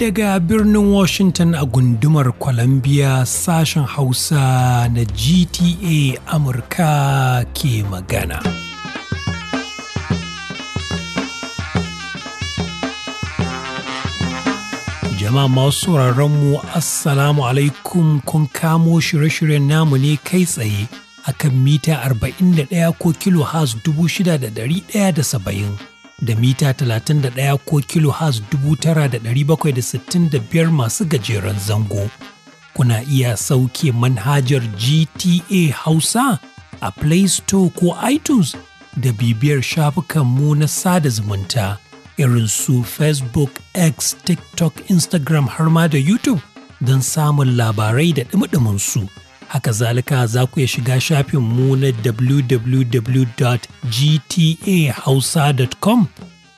Daga birnin Washington a gundumar Columbia sashen Hausa na GTA Amurka ke magana. Jama'a masu mu Assalamu alaikum kun kamo shirye-shiryen namu ne kai tsaye akan mita 41 ko kilo dubu 6,170 da mita 31 ko kilo da 9,765 masu gajeren zango. Kuna iya sauke manhajar GTA Hausa a Play Store ko iTunes da bibiyar shafukanmu na sada zumunta irin su Facebook, X, TikTok, Instagram har ma da YouTube don samun labarai da ɗumi su. haka zalika za ku iya shiga shafin mu na www.gtahausa.com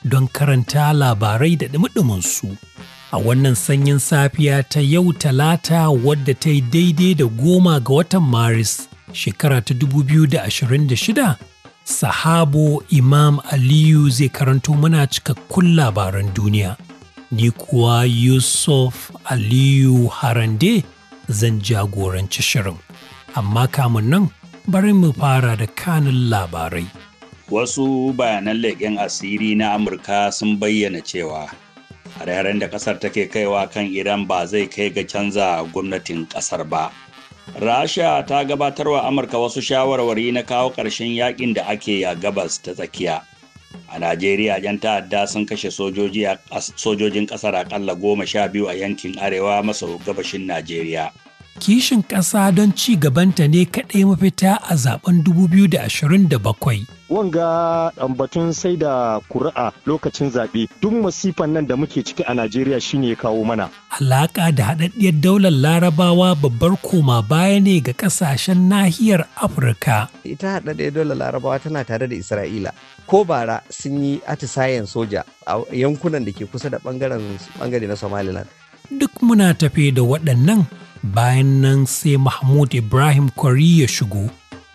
don karanta labarai da su a wannan sanyin safiya ta yau talata wadda ta yi daidai da goma ga watan maris shekara ta 2026 sahabo imam aliyu zai karanto mana cikakkun labaran duniya ni kuwa yusuf aliyu harande zan jagoranci shirin amma kamun nan bari mu fara da kanin labarai. Wasu bayanan leƙen asiri na Amurka sun bayyana cewa hare da ƙasar take kaiwa kan Iran ba zai kai ga canza gwamnatin ƙasar ba. Rasha ta gabatar wa Amurka wasu shawarwari na kawo ƙarshen yaƙin da ake a gabas ta tsakiya. A Najeriya, 'yan ta'adda sun kashe sojojin ƙasar aƙalla goma sha biyu a yankin arewa maso gabashin Najeriya. kishin ƙasa don ci gabanta ne kaɗai mafita a zaben 2027. Wanga batun sai da kuri'a lokacin zaɓe duk masifan nan da muke ciki a Najeriya shine ya kawo mana. Alaƙa da haɗaɗɗiyar daular larabawa babbar koma baya ne ga ƙasashen nahiyar Afirka. Ita haɗaɗɗiyar daular larabawa tana tare da Isra'ila. Ko bara sun yi atisayen soja a yankunan da ke kusa da ɓangare na Somaliland. Duk muna tafe da waɗannan bayan nan sai mahmud ibrahim kwari ya shigo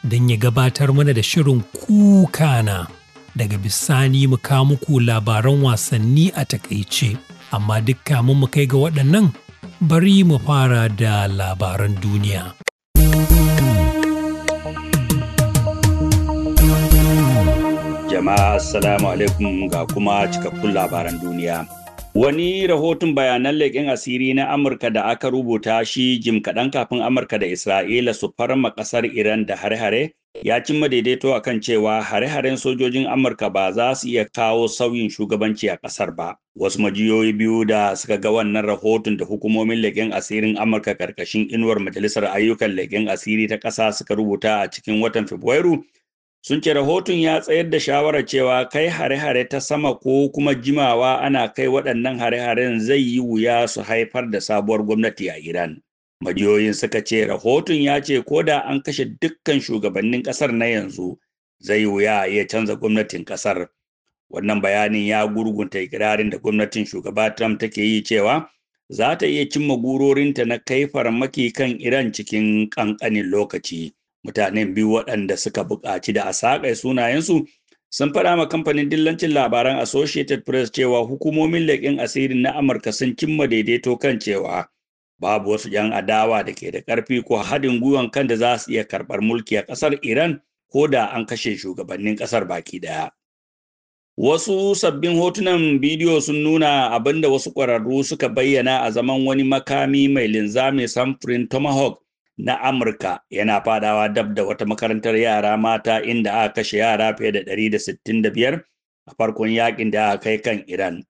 don ya gabatar mana da shirin kukana daga bisani mu muku labaran wasanni a takaice amma duk kamun mu kai ga waɗannan bari mu fara da labaran duniya jama'a assalamu alaikum ga kuma cikakkun labaran duniya Wani rahoton bayanan leƙen asiri na Amurka da aka rubuta shi jim kaɗan kafin Amurka da Isra'ila su farma ƙasar Iran da hare-hare ya cimma daidaito a kan cewa hare-haren sojojin Amurka ba za su iya kawo sauyin shugabanci a ƙasar ba. Wasu majiyoyi biyu da suka ga wannan rahoton da hukumomin leƙen asirin Amurka ƙarƙashin inuwar Majalisar Ayyukan Leƙen Asiri ta ƙasa suka rubuta a cikin watan Fabrairu sun ce rahoton ya tsayar da shawarar cewa kai hare-hare ta sama ko kuma jimawa ana kai waɗannan hare-haren zai yi wuya su haifar da sabuwar gwamnati a iran majiyoyin suka ce rahoton ya ce ko da an kashe dukkan shugabannin ƙasar na yanzu zai wuya iya canza gwamnatin ƙasar wannan bayanin ya gurgunta ikirarin da gwamnatin shugaba trump take yi cewa za ta iya cimma gurorinta na kai farmaki kan iran cikin ƙanƙanin lokaci mutanen biyu waɗanda suka buƙaci da a saƙa sunayensu sun faɗa ma kamfanin dillancin labaran associated press cewa hukumomin leƙin asiri na amurka sun cimma daidaito kan cewa babu wasu 'yan adawa da ke da ƙarfi ko haɗin gwiwan kan da za su iya karɓar mulki a ƙasar iran ko da an kashe shugabannin ƙasar baki ɗaya wasu sabbin hotunan bidiyo sun nuna abinda wasu ƙwararru suka bayyana a zaman wani makami mai linzami samfurin tomahawk na Amurka yana fadawa dab da wata makarantar yara mata inda aka kashe yara fiye da 165 a farkon yakin da aka kai kan Iran.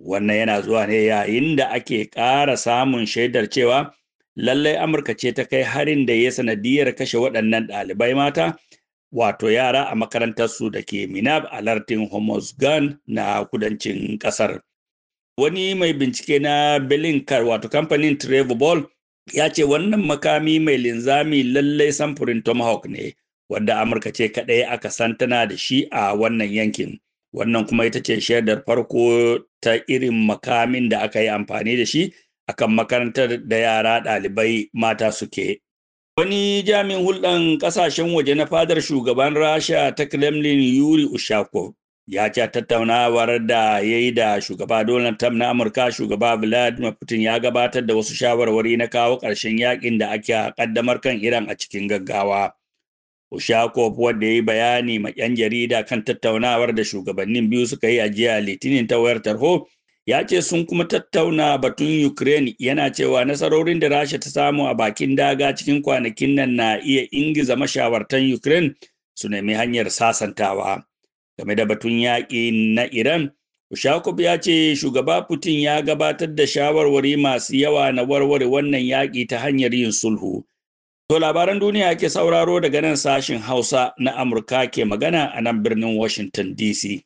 Wannan yana zuwa ne yayin da ake ƙara samun shaidar cewa lallai Amurka ce ta kai harin da ya sanadiyar kashe waɗannan ɗalibai mata wato yara a makarantarsu da ke Minab alartin homosgan Gun na kudancin ƙasar. Wani mai bincike na Belinkar wato kamfanin Travel Ball ya ce wannan makami mai linzami lallai samfurin tomahawk ne wadda amurka ce kaɗai aka san tana da shi a wannan yankin wannan kuma ita ce shaidar farko ta irin makamin da aka yi amfani da shi akan makarantar da yara ɗalibai mata suke wani jami'in hulɗan ƙasashen waje na fadar shugaban rasha ta kremlin yuri ushakov ya ce tattaunawar da ya yi da shugaba donald trump na amurka shugaba vladimir putin ya gabatar da wasu shawarwari na kawo ƙarshen yakin da ake kaddamar kan iran a cikin gaggawa ushakov wadda ya yi bayani ma 'yan jarida kan tattaunawar da shugabannin biyu suka yi a jiya litinin ta wayar tarho ya ce sun kuma tattauna batun ukraine yana cewa nasarorin da rasha ta samu a bakin daga cikin kwanakin nan na iya ingiza mashawartan ukraine su nemi hanyar sasantawa game da batun yaƙi na Iran. Ushakub ya ce shugaba Putin ya gabatar da shawarwari masu yawa na warware wannan yaƙi ta hanyar yin sulhu. To labaran duniya ke sauraro daga nan sashin Hausa na Amurka ke magana a nan birnin Washington DC.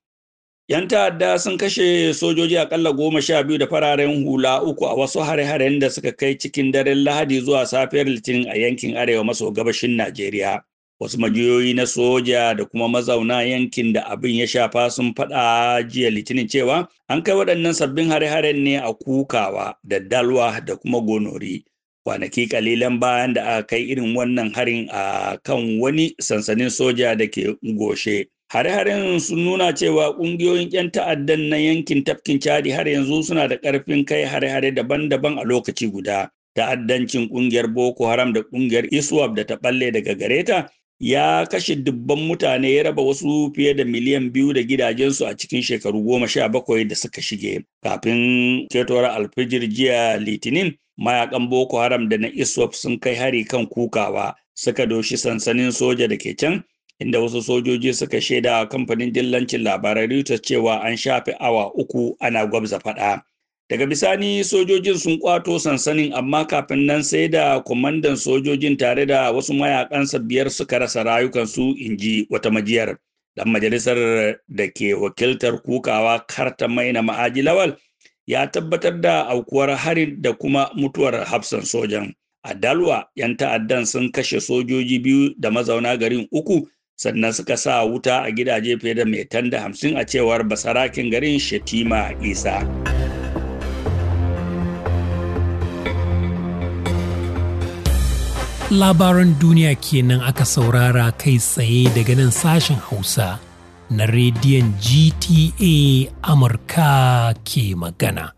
'Yan ta'adda sun kashe sojoji akalla goma sha biyu da fararen hula uku a wasu hare-haren da suka kai cikin daren Lahadi zuwa safiyar Litinin a yankin Arewa maso gabashin Najeriya. wasu majiyoyi na soja da kuma mazauna yankin da abin ya shafa sun faɗa jiya litinin cewa an kai waɗannan sabbin hare-haren ne a kukawa da dalwa da kuma gonori kwanaki kalilan bayan da aka kai irin wannan harin a kan wani sansanin soja da ke goshe hare-haren sun nuna cewa ƙungiyoyin 'yan ta'addan na yankin tafkin cadi har yanzu suna da ƙarfin kai hare-hare daban-daban a lokaci guda ta'addancin ƙungiyar boko haram da ƙungiyar iswap da ta ɓalle daga gareta ya kashe dubban mutane ya raba wasu fiye da miliyan biyu da gidajensu a cikin shekaru goma sha bakwai da suka shige kafin ketowar alfijir jiya litinin mayakan boko haram da na iswap sun kai hari kan kukawa suka doshi sansanin soja da ke can inda wasu sojoji suka shaida kamfanin dillancin labarai reuters cewa an shafe awa uku ana gwabza faɗa daga bisani sojojin sun kwato sansanin amma kafin nan sai da kwamandan sojojin tare da wasu mayakansa biyar suka rasa rayukansu inji wata majiyar dan majalisar da ke wakiltar kukawa karta maina ma'aji lawal ya tabbatar da aukuwar harin da kuma mutuwar hafsan sojan a dalwa yan ta'addan sun kashe sojoji biyu da mazauna garin uku sannan suka sa wuta a gidaje fiye da mai tanda hamsin a cewar basarakin garin shetima isa labaran duniya kenan aka saurara kai tsaye daga nan sashen hausa na rediyon gta amurka ke magana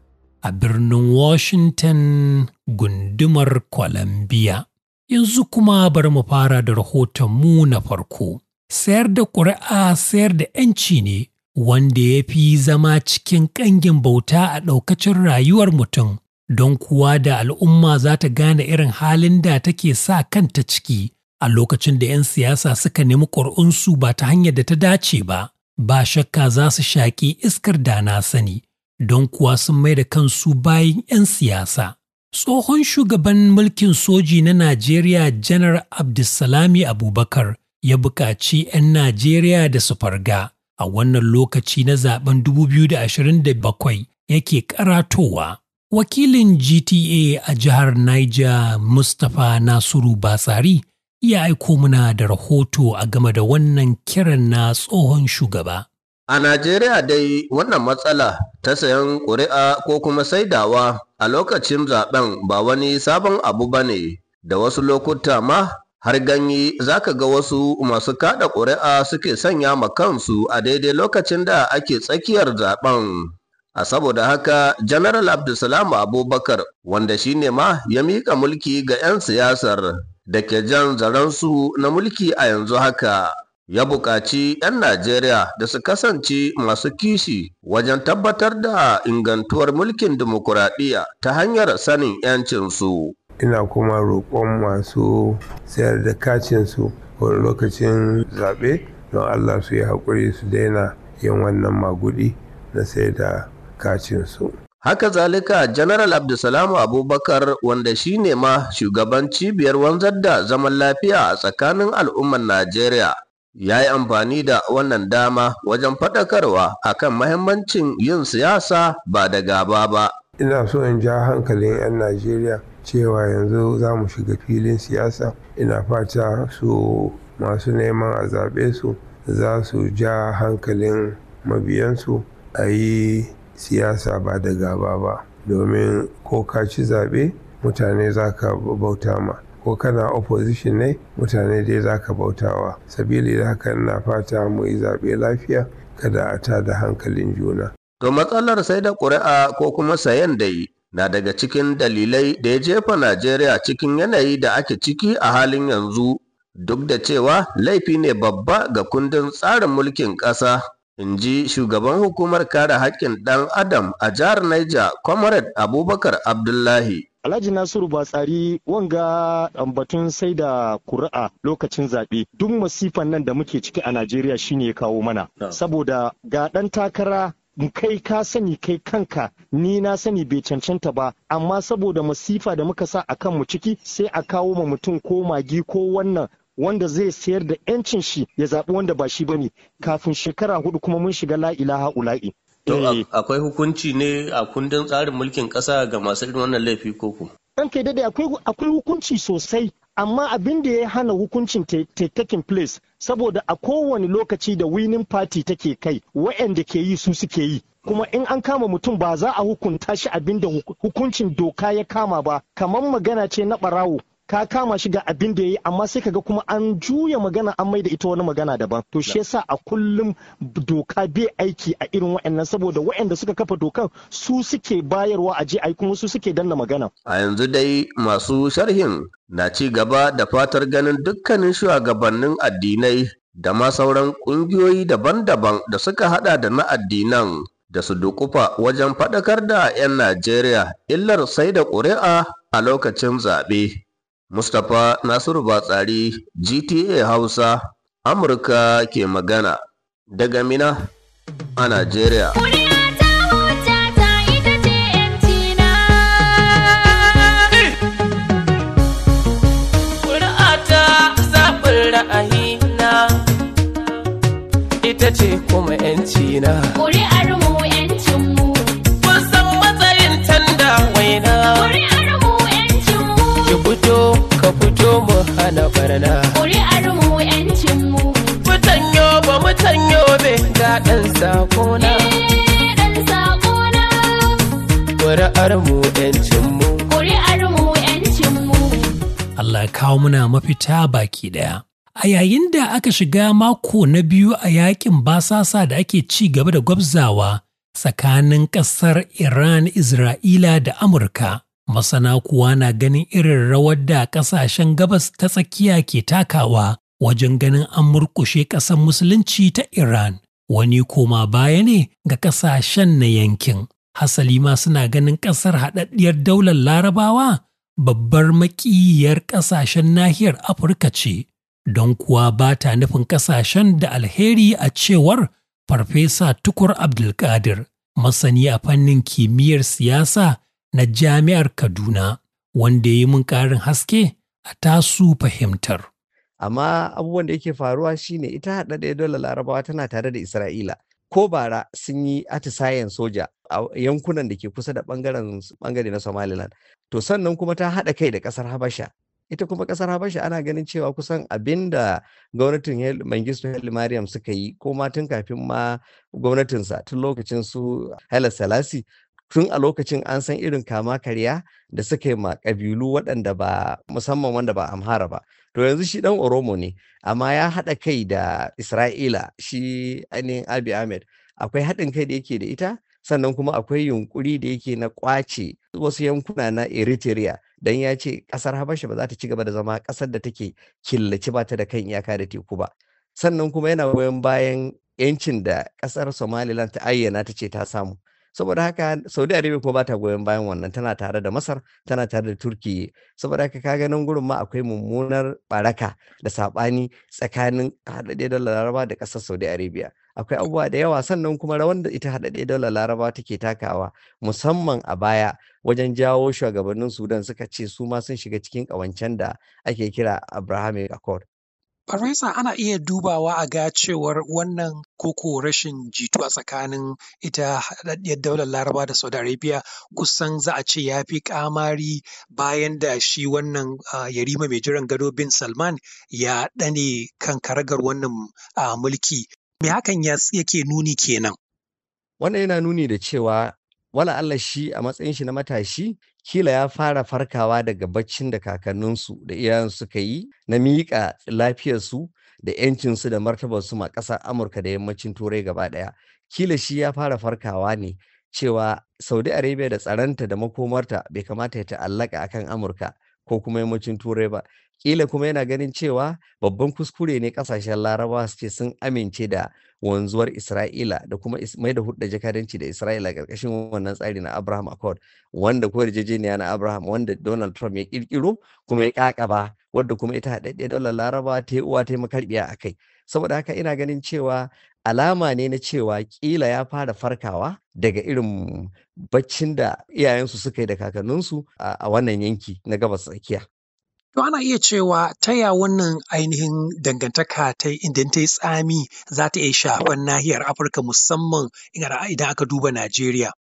a birnin washington gundumar columbia yanzu kuma bari mu fara da rahoton mu na farko sayar da ƙuri'a sayar da 'yanci ne wanda ya fi zama cikin ƙangin bauta a ɗaukacin rayuwar mutum don kuwa da al'umma za ta gane irin halin da take sa kanta ciki a lokacin da 'yan siyasa suka nemi ƙuri'unsu ba ta hanyar da ta dace ba, ba shakka za su shaƙi iskar da na sani, don kuwa sun mai da kansu bayan 'yan siyasa. Tsohon shugaban mulkin soji na Najeriya Janar Abdulsalami Abubakar ya buƙaci 'yan Najeriya da su farga a wannan lokaci na zaben 2027 yake karatowa. Wakilin GTA a jihar Niger Mustapha Nasiru basari ya aiko muna da rahoto a game da wannan kiran na tsohon shugaba. A Najeriya dai wannan matsala ta sayan ƙuri'a ko kuma saidawa a lokacin zaben ba wani sabon abu ba ne, da wasu lokuta ma har ganyi za ka ga wasu masu kada ƙuri'a suke sanya ma kansu a daidai lokacin da ake tsakiyar zaben. A saboda haka, General Abdulsalam Abubakar, wanda shi ne ma ya mika mulki ga 'yan siyasar da ke jan zaransu na mulki a yanzu haka, ya buƙaci 'yan Najeriya da su kasance masu kishi wajen tabbatar da ingantuwar mulkin dimokuraɗiyya ta hanyar sanin 'yancinsu. Ina kuma roƙon masu sayar da kacinsu wani lokacin zaɓe don Allah su yi haƙuri su daina yin wannan magudi na sai da kacinsu. Haka zalika Janaral Abdulsalamu Abubakar wanda shi ne ma shugaban cibiyar wanzar da zaman lafiya a tsakanin al'ummar Najeriya ya yi amfani da wannan dama wajen faɗakarwa kan mahimmancin yin siyasa ba da gaba ba. Ina so in ja hankalin 'yan Najeriya cewa yanzu za mu shiga filin siyasa ina fata su masu neman a zaɓe su za su ja hankalin mabiyansu a yi siyasa ba da gaba ba domin ko ka ci zaɓe mutane za ka bauta ma ko kana opposition ne mutane dai za ka bautawa sabili da haka na fata mu yi zaɓe lafiya kada a ta da hankalin juna. To matsalar sai da ƙuri'a ko kuma sayan da yi na daga cikin dalilai da ya jefa Najeriya cikin yanayi da ake ciki a halin yanzu duk da cewa laifi ne babba ga kundin tsarin mulkin ƙasa. in ji shugaban hukumar kare haƙƙin ɗan adam a jihar Niger, comrade abubakar abdullahi Alhaji Nasiru Batsari wanga batun sai da kuri'a lokacin zaɓe duk masifan nan da muke ciki a Najeriya shine ya kawo mana. Saboda ga ɗan takara kai ka sani kai kanka ni na sani bai cancanta ba amma saboda masifa da muka sa a kanmu ciki sai a kawo ma mutum ko magi ko wannan wanda zai sayar da yancin shi ya zaɓi wanda ba shi bane kafin shekara hudu kuma mun shiga la'ila ilaha ula'i to eh. akwai hukunci ne a kundin tsarin mulkin ƙasa ga masu irin wannan laifi ko ku dan kai dade akwai hukunci sosai amma abin da ya hana hukuncin taking place saboda a kowane lokaci da winning party take kai waɗanda ke yi su suke yi kuma in an kama mutum ba za a hukunta shi abinda hukuncin doka ya kama ba kamar magana ce na ɓarawo. ka kama shi ga abin da ya yi, amma sai kaga kuma an juya magana an maida ita wani magana daban to shi yasa a kullum doka bai aiki a irin wa'yannan, saboda wa'yanda suka kafa dokan su suke bayarwa a je ai kuma su suke danna magana a yanzu dai masu sharhin na ci gaba da fatar ganin dukkanin shugabannin addinai da ma sauran ƙungiyoyi daban-daban da suka hada da na addinan da su dukufa wajen faɗakar da 'yan Najeriya illar sai da ƙuri'a a lokacin zaɓe. Mustapha Nasiru Batsari GTA Hausa Amurka ke magana daga Mina a Najeriya. Ita ce kuma 'yanci na. Ƙuri'ar mu 'yancinmu. fito ka fito mu hana barna ƙuri'ar mu yancin mu mutan yobe mutan yobe ga eh, ɗan sakona ɗan sakona ƙuri'ar mu yancin mu ƙuri'ar yancin mu Allah kawo muna mafita baki ɗaya. A yayin da aka shiga mako na biyu a yakin basasa da ake ci gaba da gwabzawa tsakanin ƙasar Iran, Isra'ila da Amurka, Masana kuwa na ganin irin rawar da ƙasashen gabas ta tsakiya ke takawa wajen ganin an murkushe ƙasar musulunci ta Iran, wani koma baya ne ga ƙasashen na yankin. Hasali ma suna ganin ƙasar haɗaɗɗiyar daular larabawa babbar maƙiyiyar ƙasashen nahiyar Afirka ce, don kuwa ba ta nufin ƙasashen da alheri a cewar Farfesa Tukur Abdulkadir, masani a fannin kimiyyar siyasa na jami'ar Kaduna wanda ya yi mun ƙarin haske a tasu fahimtar. Amma abubuwan da yake faruwa shine ita haɗaɗɗiyar dole larabawa tana tare da Isra'ila. Ko bara sun yi atisayen soja a yankunan da ke kusa da bangare na Somaliland. To sannan kuma ta haɗa kai da ƙasar Habasha. Ita kuma ƙasar Habasha ana ganin cewa kusan abin da gwamnatin mangistu Mariam suka yi ko ma tun kafin ma gwamnatinsa tun lokacin su Haile Selassie tun a lokacin an san irin kama karya da suka yi ma ƙabilu waɗanda ba musamman wanda ba amhara ba to yanzu shi ɗan oromo ne amma ya haɗa kai da isra'ila shi ainihin abi ahmed akwai haɗin kai da yake da ita sannan kuma akwai yunkuri da yake na kwace wasu yankuna na eritrea dan ya ce ƙasar habasha ba za ta ci gaba da zama ƙasar da take killace ba ta da kan iyaka da teku ba sannan kuma yana goyon bayan yancin da ƙasar somaliland ta ayyana ta ce ta samu saboda haka saudi arabia ko ba ta goyon bayan wannan tana tare da masar tana tare da turki saboda haka ka ganin gurin ma akwai mummunar baraka da sabani tsakanin hadade da laraba da kasar saudi arabia akwai abubuwa da yawa sannan kuma rawan da ita hadade da laraba take takawa musamman a baya wajen jawo shugabannin sudan suka ce su ma sun shiga cikin ƙawancen da ake kira abrahamic accord farfesa ana iya dubawa a ga cewar wannan koko rashin jituwa tsakanin ita haɗaɗɗiyar daular Laraba da Saudi Arabia kusan za a ce ya fi ƙamari bayan da shi wannan yarima mai jiran gado bin Salman ya ɗane kan karagar wannan mulki. Me hakan yake nuni kenan? Wannan yana nuni da cewa wala Allah shi a matsayin shi na matashi kila ya fara farkawa daga baccin da kakanninsu da iyayensu suka yi na miƙa lafiyarsu da 'yancinsu da martabarsu ma ƙasar amurka da yammacin turai gaba ɗaya kila shi ya fara farkawa ne cewa saudi arabia da tsaronta da makomarta bai kamata ya ta'allaka akan amurka ko kuma yammacin turai ba kila kuma yana ganin cewa babban kuskure ne kasashen Larabawa suke sun amince da wanzuwar isra'ila da kuma mai da hudu jakadanci da isra'ila karkashin wannan tsari na abraham accord wanda ko yarjejeniya na abraham wanda donald trump ya kirkiro kuma ya kakaba wadda kuma ita haɗaɗɗiyar daular Larabawa ta yi uwa ta yi makarbiya a kai saboda haka ina ganin cewa alama ne na cewa kila ya fara farkawa daga irin baccin da iyayensu suka yi da kakanninsu a wannan yanki na gabas tsakiya To ana iya cewa taya wannan ainihin dangantaka ta idan ta yi tsami za ta iya shafan nahiyar Afirka musamman idan aka duba Najeriya.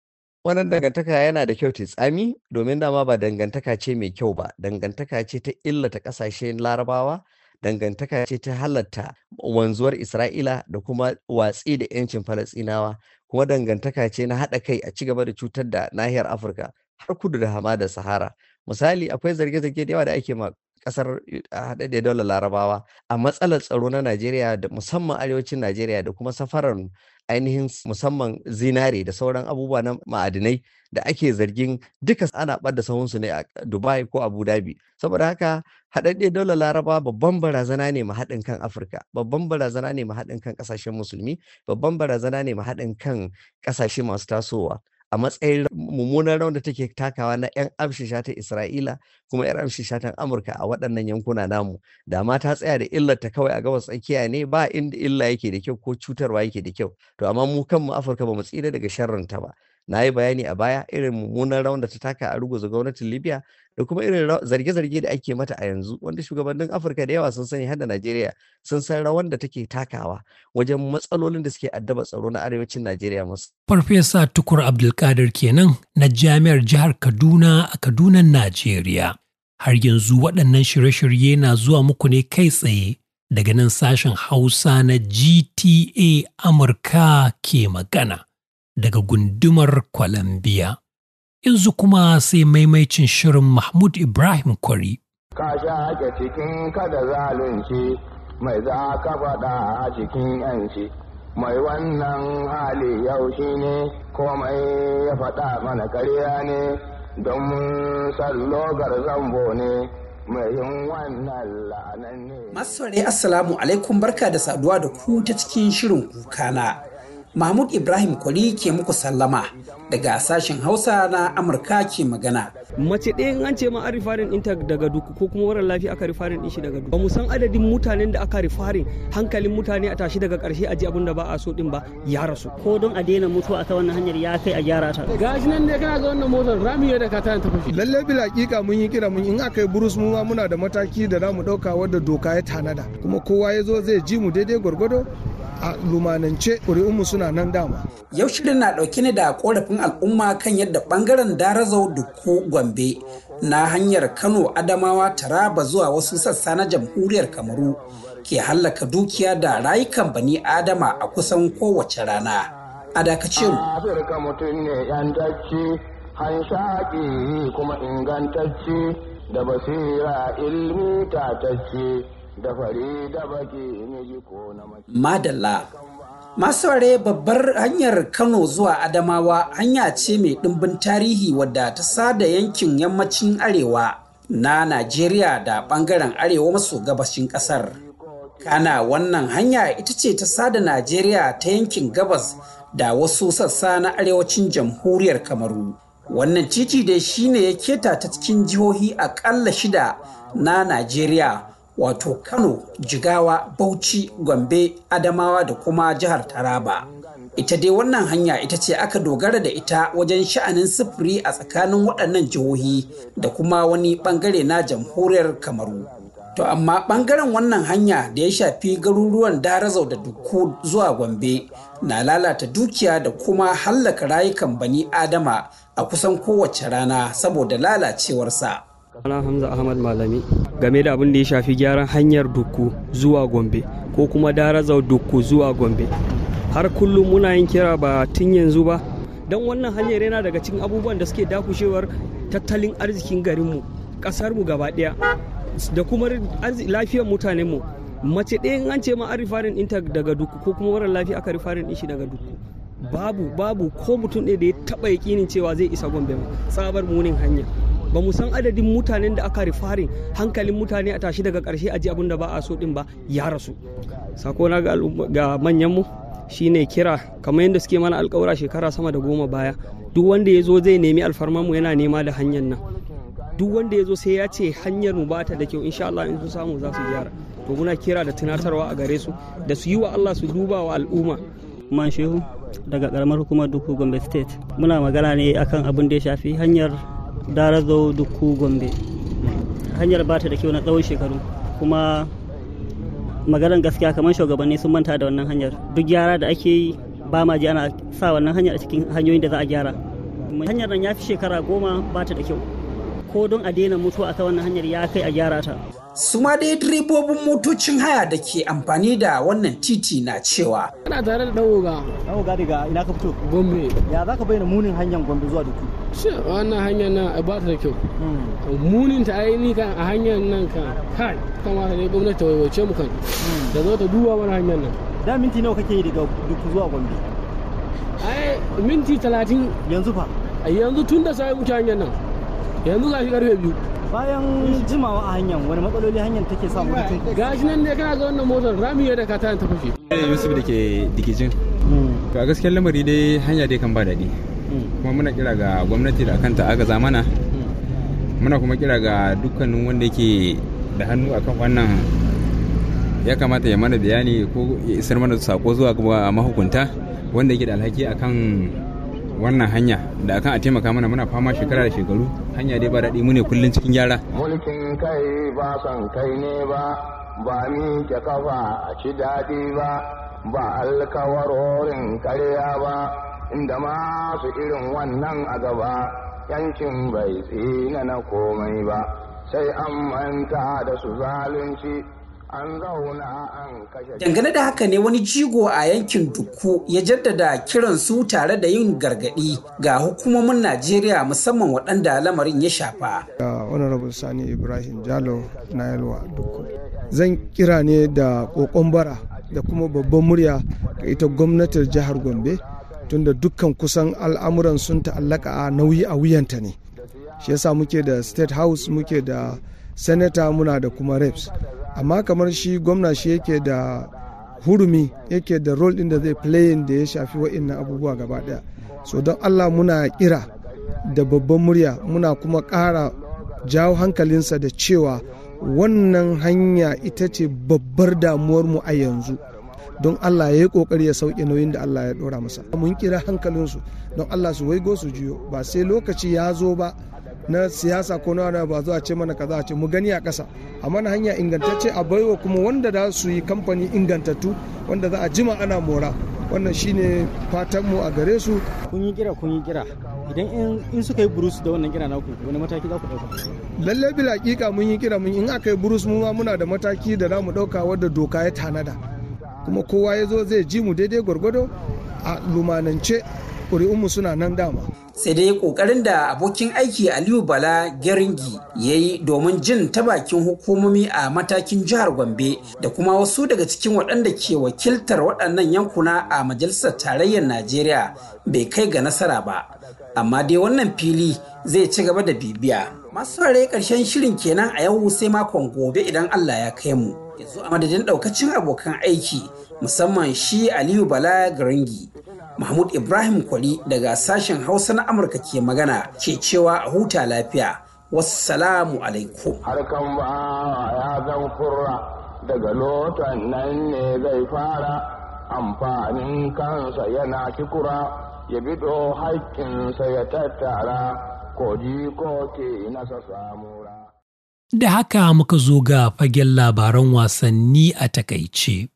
Wannan dangantaka yana da kyau ta tsami domin dama ba dangantaka ce mai kyau ba, dangantaka ce ta illata ƙasashen larabawa, dangantaka ce ta halatta wanzuwar Isra'ila da kuma watsi da 'yancin Falasɗinawa, kuma dangantaka ce na haɗa kai a ci gaba da cutar da nahiyar Afirka har kudu da hama da Sahara. misali akwai zarge-zarge da yawa da ake ma kasar da dole larabawa a matsalar tsaro na najeriya da musamman arewacin najeriya da kuma safaran ainihin musamman zinare da sauran abubuwa na ma'adinai da ake zargin duka ana ɓadda sahunsu ne a dubai ko abu dhabi saboda haka haɗaɗɗe dole laraba babban barazana ne ma haɗin kan afirka babban barazana ne ma haɗin kan ƙasashen musulmi babban barazana ne ma haɗin kan ƙasashe masu tasowa a matsayin mummunan rawan da take takawa na 'yan amshisha ta Isra'ila kuma 'yan amshisha ta Amurka a waɗannan yankuna namu da ma ta tsaya da illar ta kawai a gabas tsakiya ne ba inda illa yake da kyau ko cutarwa yake da kyau to amma mu kanmu Afirka ba mu tsira daga sharrin ta ba na yi bayani a baya irin mummunan rawan da ta taka a ruguza gwamnatin libya da kuma irin zarge-zarge da ake mata a yanzu wanda shugabannin afirka da yawa sun sani har da najeriya sun san rawan da take takawa wajen matsalolin da suke addaba tsaro na arewacin najeriya masu. farfesa tukur abdulkadir kenan na jami'ar jihar kaduna a kadunan najeriya har yanzu waɗannan shirye-shirye na zuwa muku ne kai tsaye daga nan sashen hausa na gta amurka ke magana. daga gundumar kwalambiya, Yanzu kuma sai maimaicin shirin Mahmud Ibrahim Kwari. Ka sha ake cikin kada zalunci mai za ka faɗa a cikin yanci. Mai wannan hali yau shi ne, komai ya faɗa mana karya ne, don sallogar zambo ne. Masu saurari Assalamu alaikum barka da saduwa da ku ta cikin shirin kuka Mahmud Ibrahim Kwali ke muku sallama daga sashen Hausa na Amurka ke magana. Mace ɗaya an ce ma a rifarin ɗinta daga duku ko kuma mara lafiya aka rifarin ɗin shi daga duku. Ba mu san adadin mutanen da aka rifarin hankalin mutane a tashi daga ƙarshe a ji abin da ba a so ɗin ba ya rasu. Ko don a daina mutuwa a ta wannan hanyar ya kai a gyara ta. Gashi nan ne kana ga wannan motar rami ya da ka ta fashi. Lallai bila, hakika mun yi kira mun in aka yi burus mu ma muna da mataki da za mu ɗauka wadda doka ya tanada. Kuma kowa ya zo zai ji mu daidai gwargwado a lumanance ƙuri'unmu suna nan dama. Yau shirin na ɗauke ne da ƙorafin al'umma kan yadda ɓangaren darazau duku Gombe na hanyar Kano Adamawa Taraba zuwa wasu sassa na jamhuriyar Kamaru ke hallaka dukiya da rayukan bani Adama a kusan kowace rana. A dakace mu. Afirka mutum ne yantacci, hanshaƙi kuma ingantacci da basira ilmi Madalla, masu ware babbar hanyar Kano zuwa Adamawa hanya ce mai ɗimbin tarihi wadda ta sada yankin yammacin Arewa na Najeriya da ɓangaren Arewa maso gabashin ƙasar. Kana wannan hanya ita ce ta sada Najeriya ta yankin gabas da wasu sassa na arewacin jamhuriyar Kamaru. Wannan titi dai shine ya keta ta cikin jihohi aƙalla shida na Najeriya wato Kano, Jigawa, Bauchi, Gombe, Adamawa da kuma jihar Taraba. Ita dai wannan hanya ita ce aka dogara da ita wajen sha'anin sufuri a tsakanin waɗannan jihohi da kuma wani ɓangare na jamhuriyar Kamaru. To amma ɓangaren wannan hanya da ya shafi garuruwan Darazau da Dukku zuwa Gombe na lalata dukiya da kuma hallaka rayukan bani Adama a kusan kowace rana saboda lalacewarsa. Ana Hamza Ahmad Malami game da abin da ya shafi gyaran hanyar Dukku zuwa Gombe ko kuma darazar Dukku zuwa Gombe. Har kullum muna yin kira ba tun yanzu ba don wannan hanyar yana daga cikin abubuwan da suke dakushewar tattalin arzikin garinmu ƙasarmu gaba ɗaya da kuma lafiyar mutanenmu mace ɗaya in an ce ma an rifarin ɗinta daga Dukku ko kuma mara lafiya aka rifarin ɗin shi daga Dukku babu babu ko mutum ɗaya da ya taɓa yaƙinin cewa zai isa Gombe ma tsabar munin hanya ba mu san adadin mutanen da aka rifarin hankalin mutane a tashi daga karshe a aji abin da ba a so din ba ya rasu sako na ga manyan mu shine kira kamar yadda suke mana alkawura shekara sama da goma baya duk wanda ya zo zai nemi alfarma mu yana nema da hanyar nan duk wanda ya zo sai ya ce hanyar mu bata da kyau insha Allah in su samu za su gyara to muna kira da tunatarwa a gare su da su yi wa Allah su duba wa al'umma man shehu daga karamar hukumar duku gombe state muna magana ne akan abin da ya shafi hanyar darazo dukku gombe hanyar ba ta da kyau na tsawon shekaru kuma maganar gaskiya kamar shugabanni sun manta da wannan hanyar duk gyara da ake yi ba ma ji ana sa wannan hanyar a cikin hanyoyin da za a gyara hanyar nan ya fi shekara goma ba ta da kyau ko don a daina mutuwa akan wannan hanyar ya kai a gyara ta su ma dai direbobin motocin haya da ke amfani da wannan titi na cewa kana tare da dawoga dawoga daga ina ka fito gombe ya za ka bayyana munin hanyar gombe zuwa duku shi wannan hanyar nan a ba ta da kyau hmm. munin ta aini kan a hanyar nan kan kai kamata ne gwamnati ta waiwace mu kan da hmm. zo ta duba mana hanyar nan da minti nawa kake yi daga duku zuwa gombe ai minti talatin yanzu fa yanzu tun da sai muke hanyar nan yanzu za shi karfe biyu bayan jimawa a hanyar wani matsaloli hanyar take samun mutum gashi nan ne kana ga wannan motar rami ya da ka ta fashe eh Yusuf dake dikijin hmm. ga gaskiyar lamari dai hanya dai kan ba daɗi hmm. kuma muna kira ga gwamnati da kanta aka zamana. Hmm. muna kuma kira ga dukkanin wanda yake da hannu akan wannan ya kamata ya mana bayani ko ya isar mana sako zuwa ga mahukunta wanda yake da alhaki akan wannan hanya da akan a taimaka mana muna fama shekara da shekaru hanya dai ba daɗi mu ne kullum cikin gyara mulkin kai ba son kai ne ba ba mi ke kafa a ci daɗi ba ba alkawarorin karya ba inda masu irin wannan a gaba yankin bai tsina na komai ba sai an manta da su zalunci Dangane da haka ne wani jigo a yankin Dukku ya jaddada kiran su tare da yin gargadi ga hukumomin Najeriya musamman waɗanda lamarin ya shafa. Honorable Sani Ibrahim Jalo na Yalwa Dukku. Zan kira ne da ƙoƙon bara da kuma babban murya ga ita gwamnatin jihar Gombe tunda dukkan kusan al'amuran sun ta'allaka a nauyi a wuyanta ne. Shi yasa muke da State House muke da Senator muna da kuma Reps. amma kamar shi gwamna shi yake da hurumi yake da role din da zai playing da ya shafi wa'annan abubuwa gaba daya so don allah muna kira da babban murya muna kuma ƙara jawo hankalinsa da cewa wannan hanya ita ce babbar damuwarmu a yanzu don Allah ya yi kokari ya sauke nauyin da Allah ya dora masa mun kira hankalinsu don Allah su waigo su juyo ba sai lokaci ya zo ba na siyasa ko na wani ba zuwa ce mana kaza a ce mu gani a ƙasa a mana hanya ingantacce a baiwa kuma wanda za su yi kamfani ingantattu wanda za a jima ana mora wannan shine fatanmu a gare su kun yi kira kun yi kira idan in suka yi burus da wannan kira naku wani mataki za ku ɗauka lalle bil hakika mun yi kira mun in aka yi burus mu ma muna da mataki da za mu ɗauka wadda doka ya tanada kuma kowa ya zo zai ji mu daidai gwargwado a lumanance ƙuri'unmu suna nan dama. sai dai ƙoƙarin da abokin aiki aliyu bala geringi ya yi domin jin ta bakin hukumomi a matakin jihar gombe da kuma wasu daga cikin waɗanda ke wakiltar waɗannan yankuna a majalisar tarayyar najeriya bai kai ga nasara ba amma dai wannan fili zai ci gaba da bibiya masu saurare ƙarshen shirin kenan a yau sai makon gobe idan allah ya kai mu yanzu a madadin ɗaukacin abokan aiki musamman shi aliyu bala geringi Mahmud Ibrahim kwali daga sashen Hausa na Amurka ke magana ke cewa a huta lafiya. Wassalamu alaikum. Harkan ba ya zan kurra daga lotan nan ne zai fara amfanin kansa yana kikura ya bido haƙƙinsa ya tattara koji ko ke nasa samura. Da haka muka zo ga fagen labaran wasanni a takaice.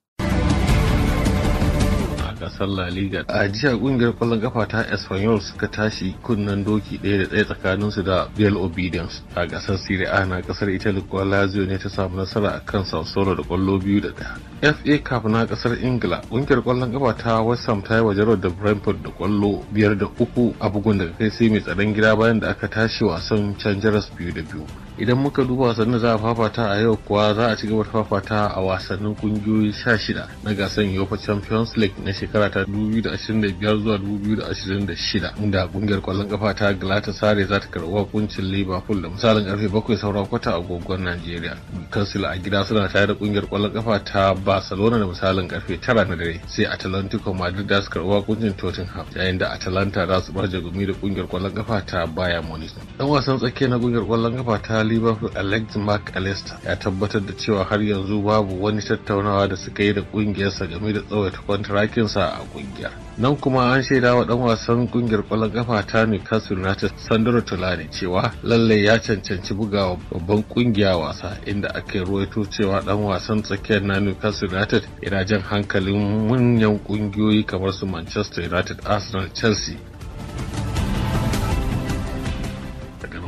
gasar La Liga. A jiya kungiyar kwallon kafa ta Espanyol suka tashi kunnen doki ɗaya da ɗaya tsakanin su da Real Obedience. A gasar Serie A na kasar Italy kuwa Lazio ne ta samu nasara a kan Sassuolo da kwallo biyu da ɗaya. FA Cup na kasar Ingila kungiyar kwallon kafa ta West Ham ta yi wa Jarrod da Brentford da kwallo biyar da uku a bugun daga kai sai mai tsaron gida bayan da aka tashi wasan can biyu da biyu. idan muka duba wasannin za a fafata a yau kuwa za a cigaba gaba da fafata a wasannin kungiyoyi 16 na gasar yofa Champions League na shekara ta 2025 zuwa 2026 inda kungiyar kwallon kafa ta Galatasaray za ta karɓi hukuncin Liverpool da misalin karfe 7 sauran kwata agogon Najeriya. Kansila a gida suna tare da kungiyar kwallon kafa ta Barcelona da misalin karfe 9 na dare sai Atlantico Madrid za su karɓi hukuncin Tottenham yayin da Atalanta za su bar jagumi da kungiyar kwallon kafa ta Bayern Munich. Dan wasan tsakiya na kungiyar kwallon kafa ta liverpool alex mark alester ya tabbatar da cewa har yanzu babu wani tattaunawa da suka yi da kungiyarsa game da tsawaita sa a kungiyar nan kuma an shaida wa dan wasan kungiyar kwallon kafa ta newcastle united sandro tulani cewa lallai ya cancanci bugawa babban kungiya wasa inda aka ruwaito cewa dan wasan tsakiyar na newcastle united yana jan hankalin manyan kungiyoyi kamar su manchester united arsenal chelsea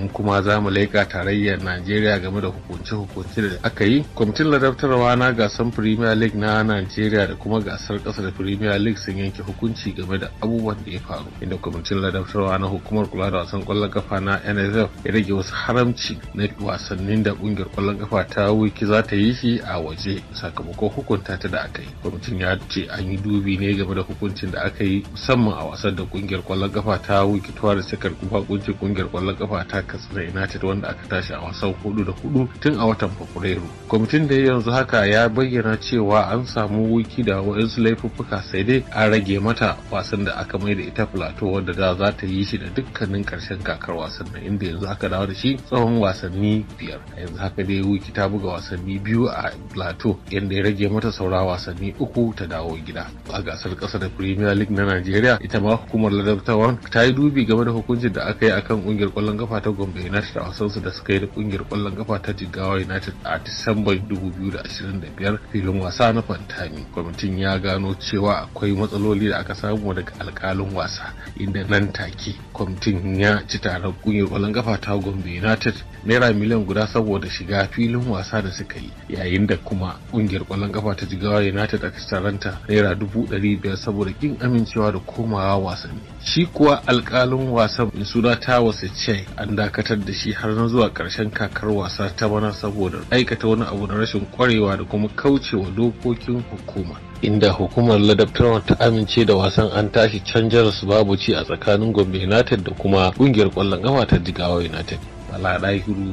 in kuma za mu laika tarayyar najeriya game da hukunce-hukunce da aka yi kwamitin ladabtarwa na gasar premier league na najeriya da kuma gasar ƙasa da premier league sun yanke hukunci game da abubuwan da ya faru inda kwamitin ladabtarwa na hukumar kula da wasan ƙwallon kafa na nsf ya rage wasu haramci na wasannin da ƙungiyar ƙwallon kafa ta wiki za ta yi shi a waje sakamakon hukunta ta da aka yi kwamitin ya ce an yi dubi ne game da hukuncin da aka yi musamman a wasan da ƙungiyar ƙwallon kafa ta wiki tuwa da sakar kuma ƙungiyar ƙwallon kafa ta katsina united wanda aka tashi a wasan hudu da hudu tun a watan fabrairu kwamitin da yanzu haka ya bayyana cewa an samu wiki da wa'insu laifuffuka sai dai an rage mata wasan da aka mai da ita plateau wadda da za ta yi shi da dukkanin karshen kakar wasan nan inda yanzu aka dawo da shi tsawon wasanni biyar yanzu haka dai wiki ta buga wasanni biyu a plateau yadda ya rage mata saura wasanni uku ta dawo gida a gasar kasa da premier league na najeriya ita ma hukumar ladabtawan ta yi dubi game da hukuncin da aka yi akan kungiyar kwallon kafa ta Gombe United a wasansu da suka yi da kungiyar kwallon kafa ta Jigawa United a Disambar 2025 filin wasa na Fantani. Kwamitin ya gano cewa akwai matsaloli da aka samu daga alkalin wasa inda nan take kwamitin ya ci taron kungiyar kwallon kafa ta Gombe United naira miliyan guda saboda shiga filin wasa da suka yi yayin da kuma kungiyar kwallon kafa ta jigawa united a kasaranta naira dubu ɗari biyar saboda kin amincewa da komawa wasanni shi kuwa alkalin wasan mai suna ta wasu ce an dakatar da shi har na zuwa karshen kakar wasa ta bana saboda aikata wani abu da rashin kwarewa da kuma kaucewa dokokin hukuma inda hukumar ladabtarwa ta amince da wasan an tashi canjar su babu ci a tsakanin gombe united da kuma kungiyar kwallon kafa ta jigawa united Aladahiru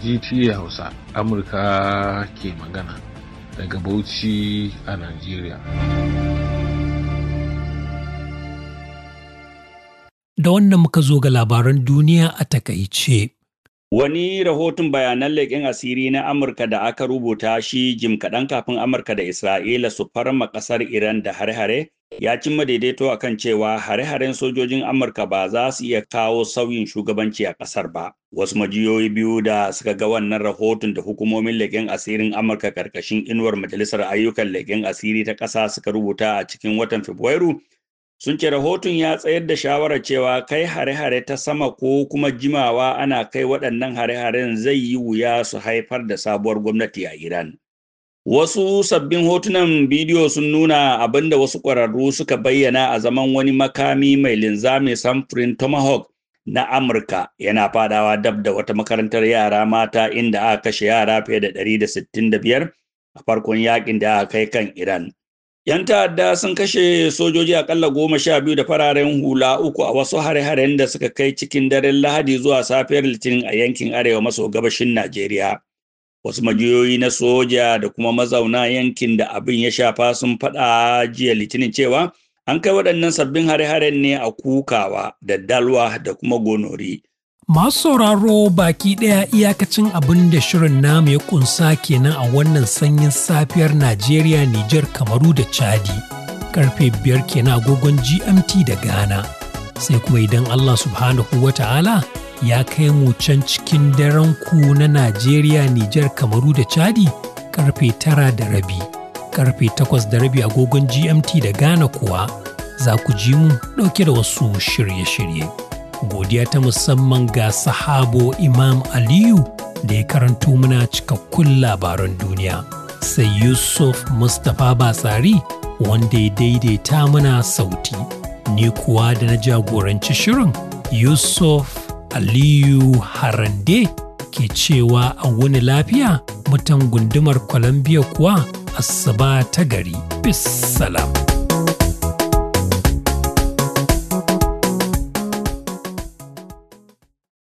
GTA Hausa Amurka ke magana daga Bauchi a Najeriya. Da wannan muka zo ga labaran duniya a takaice. Wani rahoton bayanan leƙen asiri na Amurka da aka rubuta shi jim kaɗan kafin Amurka da Isra'ila su farma ƙasar Iran da har-hare ya cimma daidaito a kan cewa hare-haren sojojin Amurka ba za su iya kawo sauyin shugabanci a ƙasar ba. Wasu majiyoyi biyu da suka ga wannan rahoton da hukumomin leƙen asirin Amurka ƙarƙashin inuwar Majalisar Ayyukan Leƙen Asiri ta ƙasa suka rubuta a cikin watan Fabrairu sun ce rahoton ya tsayar da shawarar cewa kai hare-hare ta sama ko kuma jimawa ana kai waɗannan hare-haren zai yi wuya su haifar da sabuwar gwamnati a Iran. Wasu sabbin hotunan bidiyo sun nuna abinda wasu ƙwararru suka bayyana a zaman wani makami mai linzami samfurin Tomahawk na Amurka yana fadawa dab da wata makarantar yara mata inda aka kashe yara fiye da 165 a farkon yakin da aka kai kan Iran. 'Yan ta'adda sun kashe sojoji akalla goma sha biyu da fararen hula uku a wasu hare-haren da suka kai cikin daren Lahadi zuwa safiyar Litinin a yankin arewa maso gabashin Najeriya. wasu majiyoyi na soja da kuma mazauna yankin da abin ya shafa sun faɗa jiya litinin cewa an kai waɗannan sabbin hare-haren ne a kukawa da dalwa da kuma gonori masu sauraro baki ɗaya iyakacin abin da shirin namu ya kunsa kenan a wannan sanyin safiyar najeriya nijar kamaru da chadi karfe biyar kenan agogon gmt da ghana sai kuma idan allah subhanahu wa ta'ala ya kai mu can cikin daren ku na Najeriya, Nijar, Kamaru da Chadi karfe tara da rabi. Karfe takwas da rabi agogon GMT da Ghana kuwa za ku ji mu ɗauke da wasu shirye-shirye. Godiya ta musamman ga sahabo Imam Aliyu da ya karanto muna cikakkun labaran duniya. Sai Yusuf Mustapha Batsari wanda ya daidaita muna sauti. Ni kuwa da na jagoranci shirin Yusuf Aliyu Harande ke cewa a wani lafiya mutan gundumar Columbia kuwa asaba ta gari. Bis salam.